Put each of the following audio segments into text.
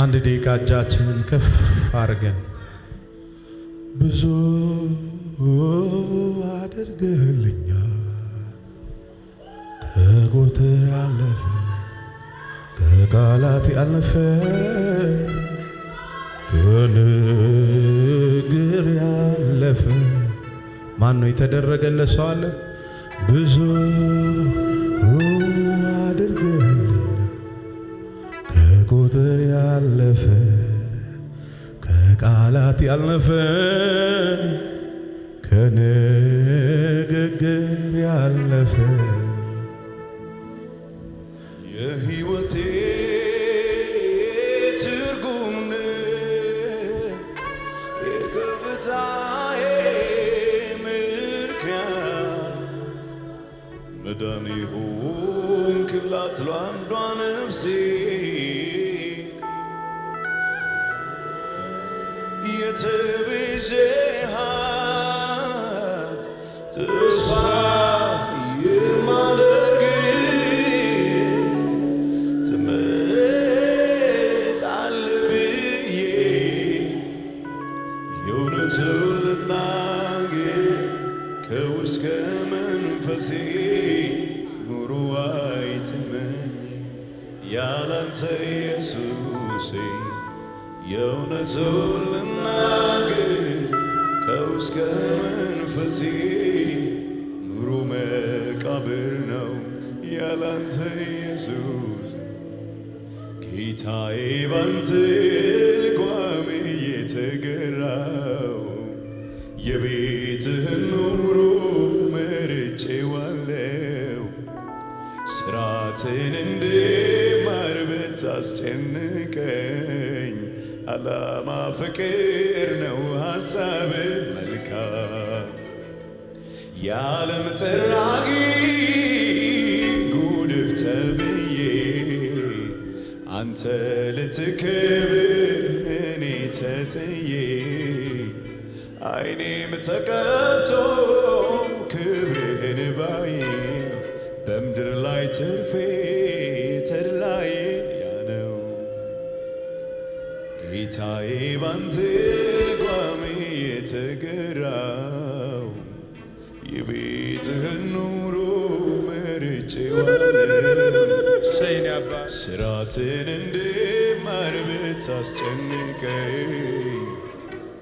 አንድ ደቂቃ እጃችንን ከፍ አድርገን ብዙ አድርግልኛል ከቁጥር ያለፈ ከቃላት ያለፈ ከንግር ያለፈ ማን ነው የተደረገለት ሰው አለ ብዙ ከቁጥር ያለፈ ከቃላት ያለፈ ከንግግር ያለፈ የሕይወቴ ትርጉም የከፍታዬ ምክንያት መዳኔ ሆንክላት ለአንዷ ነፍሴ ያላንተ ኢየሱስ ጌታዬ ባንተ ልጓሜ የተገራው የቤትህን ኑሮ መርጬዋለው ስራትን እንድማር ብታስጨንቀኝ አላማ ፍቅር ነው ሀሳብ መልካም የዓለም ጠራጊ አንተ ልትክብ እኔ ተጥዬ አይኔም ተቀብቶ ክብርህን ባዬ በምድር ላይ ትርፌ ተድላዬ ያነው ጌታዬ ባንተ ልጓሜ የተገራው የቤትህኑ እሰይኔ አባ ስራትን እንድማር ብታስጨንቀኝ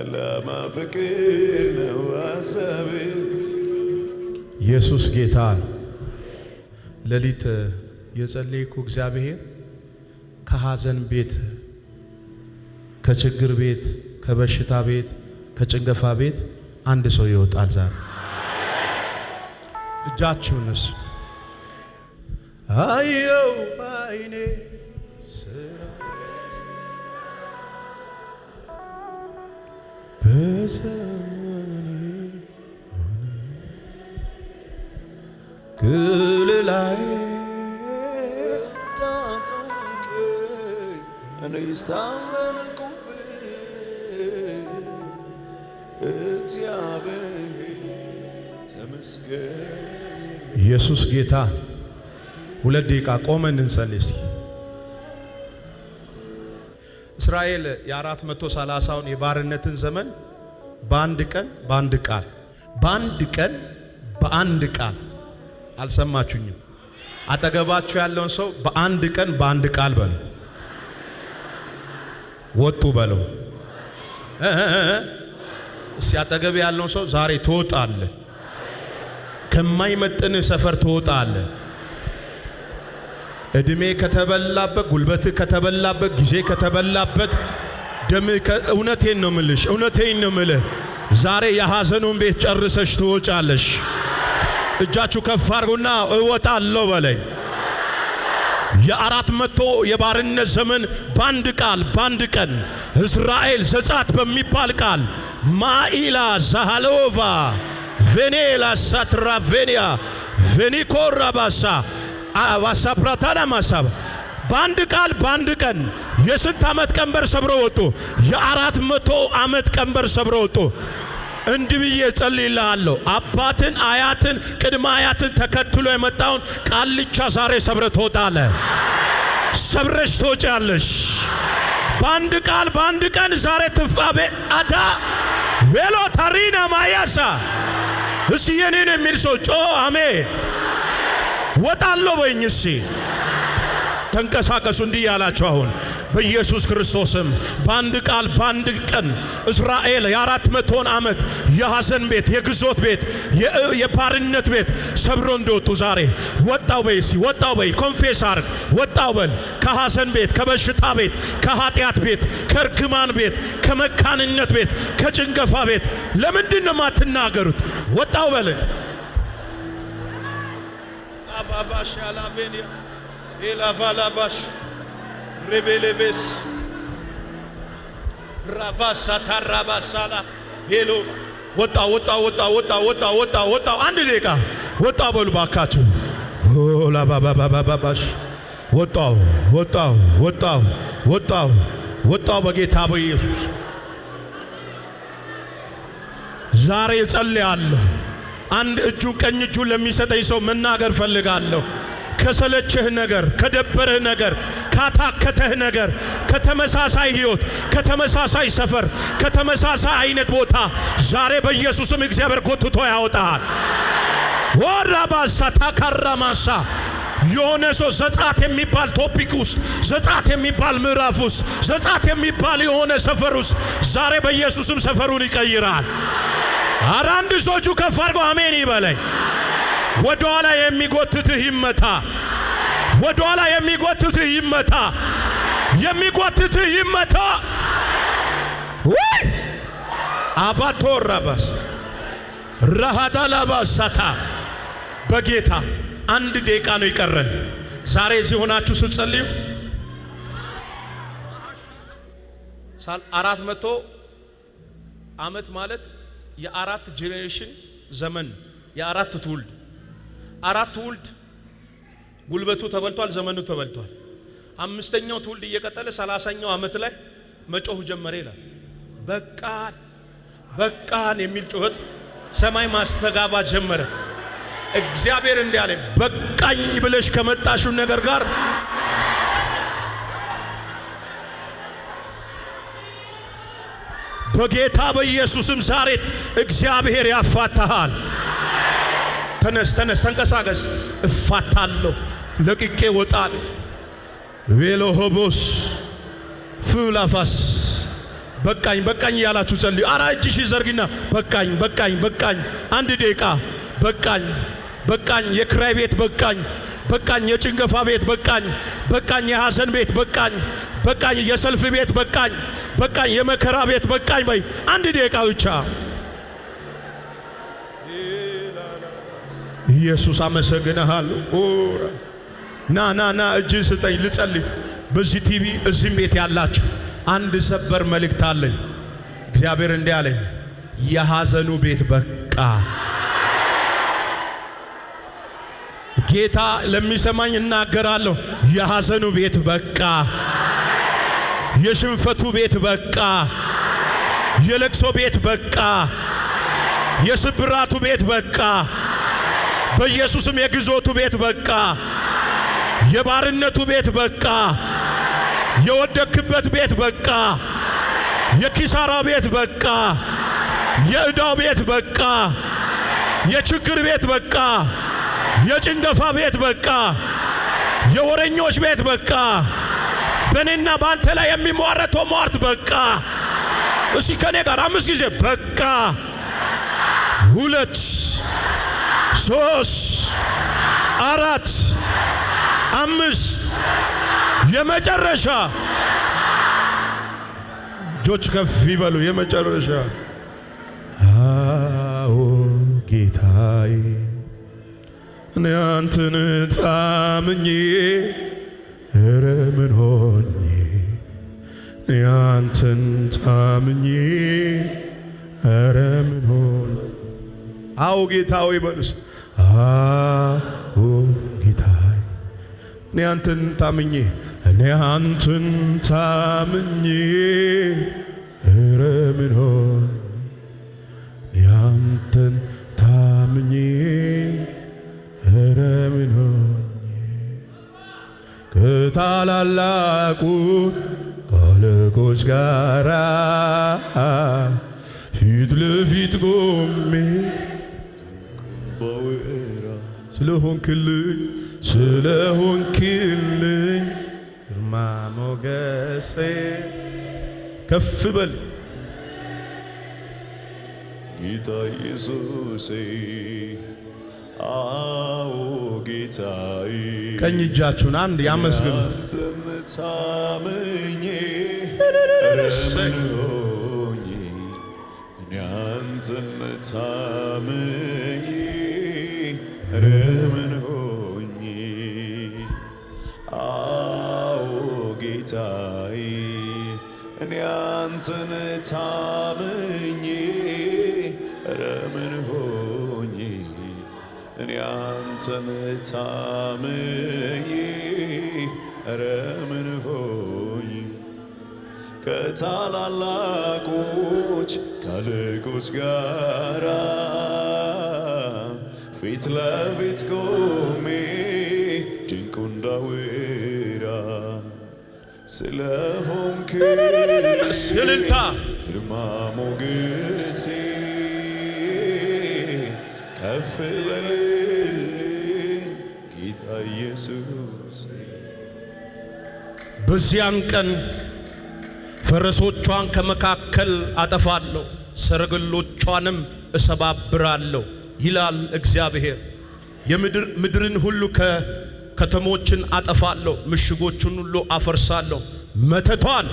አላማ ፍቅር ነው ሀሳብ ኢየሱስ ጌታ ነው። ሌሊት የጸለይኩ እግዚአብሔር ከሐዘን ቤት፣ ከችግር ቤት፣ ከበሽታ ቤት፣ ከጭንገፋ ቤት አንድ ሰው ይወጣል ዛሬ እጃችሁንስ አየው ባይኔ ስራ በዘመኔ ሆነ ክልላዬ እንዳትውቅ ኢየሱስ ጌታ ሁለት ደቂቃ ቆመን እንጸልይ። እስራኤል የአራት መቶ ሰላሳውን የባርነትን ዘመን በአንድ ቀን በአንድ ቃል በአንድ ቀን በአንድ ቃል አልሰማችሁኝም? አጠገባችሁ ያለውን ሰው በአንድ ቀን በአንድ ቃል በለው፣ ወጡ በለው። እስቲ አጠገብ ያለውን ሰው ዛሬ ትወጣለህ፣ ከማይመጥን ሰፈር ትወጣለህ። እድሜ ከተበላበት፣ ጉልበትህ ከተበላበት፣ ጊዜ ከተበላበት፣ ደም እውነቴን ነው ምልሽ፣ እውነቴን ነው ምልህ። ዛሬ የሐዘኑን ቤት ጨርሰሽ ትወጫለሽ። እጃችሁ ከፍ አርጉና እወጣለሁ በለኝ። የአራት መቶ የባርነት ዘመን ባንድ ቃል ባንድ ቀን እስራኤል ዘጻት በሚባል ቃል ማኢላ ዛሃሎቫ ቬኔላ ሳትራቬንያ ቬኒኮራባሳ ባሳፕራታላ ማሳብ በአንድ ቃል በአንድ ቀን የስንት ዓመት ቀንበር ሰብሮ ወጡ? የአራት መቶ ዓመት ቀንበር ሰብሮ ወጡ። እንዲህ ብዬ ጸልይልሃለሁ። አባትን፣ አያትን፣ ቅድመ አያትን ተከትሎ የመጣውን ቃልቻ ዛሬ ሰብረ ትወጣለ። ሰብረሽ ትወጫለሽ። በአንድ ቃል በአንድ ቀን ዛሬ ትፋቤ አታ ቤሎ ታሪና ማያሳ እስቲ የኔን የሚል ሰው ጮ አሜን ወጣለሁ በይኝ እሺ ተንቀሳቀሱ እንዲህ ያላችሁ አሁን በኢየሱስ ክርስቶስም በአንድ ቃል በአንድ ቀን እስራኤል የአራት መቶን ዓመት የሐዘን ቤት፣ የግዞት ቤት፣ የባርነት ቤት ሰብሮ እንደወጡ ዛሬ ወጣው በይ ሲ ወጣው በይ ኮንፌስ አርግ ወጣው በል ከሐዘን ቤት፣ ከበሽታ ቤት፣ ከኃጢአት ቤት፣ ከእርግማን ቤት፣ ከመካንነት ቤት፣ ከጭንገፋ ቤት ለምንድን ነው የማትናገሩት? ወጣው በልን ቫቫሽ አላቬንያ ኤላቫላቫሽ ሬቤሌቤስ ራቫሳ ታራባሳላ ሄሎ ወጣ ወጣ ወጣ ወጣ ወጣ ወጣ ወጣ አንድ ደቂቃ ወጣ በሉ ባካችሁ። ላባባባባባሽ ወጣው ወጣው ወጣው ወጣው ወጣው በጌታ በኢየሱስ ዛሬ እጸልያለሁ። አንድ እጁ ቀኝ እጁ ለሚሰጠኝ ሰው መናገር ፈልጋለሁ። ከሰለችህ ነገር፣ ከደበረህ ነገር፣ ካታከተህ ነገር፣ ከተመሳሳይ ህይወት፣ ከተመሳሳይ ሰፈር፣ ከተመሳሳይ አይነት ቦታ ዛሬ በኢየሱስም እግዚአብሔር ጎትቶ ያወጣሃል። ወራባሳ ታካራማሳ የሆነ ሰው ዘጻት የሚባል ቶፒክ ውስጥ ዘጻት የሚባል ምዕራፍ ውስጥ ዘጻት የሚባል የሆነ ሰፈር ውስጥ ዛሬ በኢየሱስም ሰፈሩን ይቀይራል። ኧረ አንድ ሶቹ ከፍ አድርጎ አሜን ይበለኝ። ወደኋላ ኋላ የሚጎትትህ ይመታ፣ ወደኋላ ኋላ የሚጎትትህ ይመታ፣ የሚጎትትህ ይመታ። ወይ አባቶ ረበስ ረሃዳ ላባሳታ በጌታ አንድ ደቂቃ ነው ይቀረን። ዛሬ እዚህ ሆናችሁ ስትጸልዩ አራት መቶ አመት ማለት የአራት ጄኔሬሽን ዘመን የአራት ትውልድ አራት ትውልድ ጉልበቱ ተበልቷል፣ ዘመኑ ተበልቷል። አምስተኛው ትውልድ እየቀጠለ ሰላሳኛው ዓመት ላይ መጮህ ጀመረ ይላል። በቃን በቃን የሚል ጩኸት ሰማይ ማስተጋባ ጀመረ። እግዚአብሔር እንዲህ አለ፣ በቃኝ ብለሽ ከመጣሽው ነገር ጋር በጌታ በኢየሱስም ዛሬ እግዚአብሔር ያፋታሃል። ተነስ፣ ተነስ፣ ተንቀሳቀስ። እፋታለሁ፣ ለቅቄ ቬሎ ሆቦስ ፍላፋስ በቃኝ በቃኝ እያላችሁ ጸልዩ። አራ እጅሽ ዘርግና በቃኝ በቃኝ በቃኝ። አንድ ደቂቃ በቃኝ በቃኝ። የክራይ ቤት በቃኝ በቃኝ። የጭንገፋ ቤት በቃኝ በቃኝ። የሐዘን ቤት በቃኝ በቃኝ፣ የሰልፍ ቤት በቃኝ፣ በቃኝ፣ የመከራ ቤት በቃኝ በይ። አንድ ደቂቃ ብቻ ኢየሱስ አመሰግነሃል። ና ና ና እጅ ስጠኝ ልጸልይ። በዚህ ቲቪ እዚህም ቤት ያላችሁ አንድ ሰበር መልእክት አለኝ። እግዚአብሔር እንዲህ አለኝ፣ የሐዘኑ ቤት በቃ። ጌታ ለሚሰማኝ እናገራለሁ፣ የሐዘኑ ቤት በቃ። የሽንፈቱ ቤት በቃ፣ የለቅሶ ቤት በቃ፣ የስብራቱ ቤት በቃ፣ በኢየሱስም የግዞቱ ቤት በቃ፣ የባርነቱ ቤት በቃ፣ የወደክበት ቤት በቃ፣ የኪሳራ ቤት በቃ፣ የዕዳው ቤት በቃ፣ የችግር ቤት በቃ፣ የጭንገፋ ቤት በቃ፣ የወረኞች ቤት በቃ በእኔና በአንተ ላይ የሚሟረተው ሟርት በቃ። እሺ ከእኔ ጋር አምስት ጊዜ በቃ። ሁለት፣ ሶስት፣ አራት፣ አምስት የመጨረሻ እጆች ከፍ ይበሉ። የመጨረሻ አዎ ጌታዬ እኔ አንተን ታምኜ እረ ምን ሆኜ ያንተን ታምኜ እረ ምን ሆኜ አው ጌታዬ በሉስ አው ጌታዬ እኔ አንተን ታምኜ እኔ አንተን ታምኜ እረ ምን እኔ አንተን ታምኜ እረ ምን ታላላቁ ካለቆች ጋራ ፊት ለፊት ቆሜ ስለሆንክልኝ ስለሆንክልኝ ግርማ ሞገሴ ከፍ በል ጌታ ኢየሱሴ አዎ ጌታዬ። ቀኝ እጃችሁን አንድ ያመስግኑ። ታምኜ ረሰኞኝ ረምን አዎ ጌታዬ እኔ አንተን ታምኜ ተምታምዬ እረ ምን ከታላላቆች ከአለቆች ጋራ ፊት ለፊት ቆሜ ድንቁ እንዳወራ ስለሆንክ ስልልታ ግርማ ሞገሴ ከፍ በል በዚያን ቀን ፈረሶቿን ከመካከል አጠፋለሁ፣ ሰረገሎቿንም እሰባብራለሁ ይላል እግዚአብሔር። የምድርን ሁሉ ከተሞችን አጠፋለሁ፣ ምሽጎችን ሁሉ አፈርሳለሁ፣ መተቷን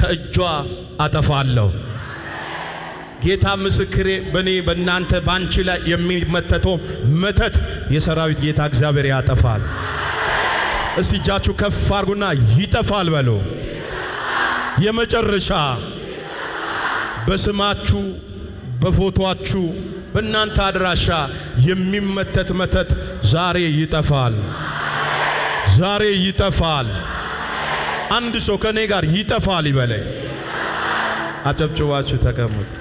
ከእጇ አጠፋለሁ። ጌታ ምስክሬ፣ በእኔ በእናንተ ባንቺ ላይ የሚመተተው መተት የሰራዊት ጌታ እግዚአብሔር ያጠፋል። እስቲ እጃችሁ ከፍ አርጉና ይጠፋል በሉ። የመጨረሻ በስማችሁ በፎቶአችሁ በእናንተ አድራሻ የሚመተት መተት ዛሬ ይጠፋል። ዛሬ ይጠፋል። አንድ ሰው ከኔ ጋር ይጠፋል ይበለኝ። አጨብጭባችሁ ተቀመጡ።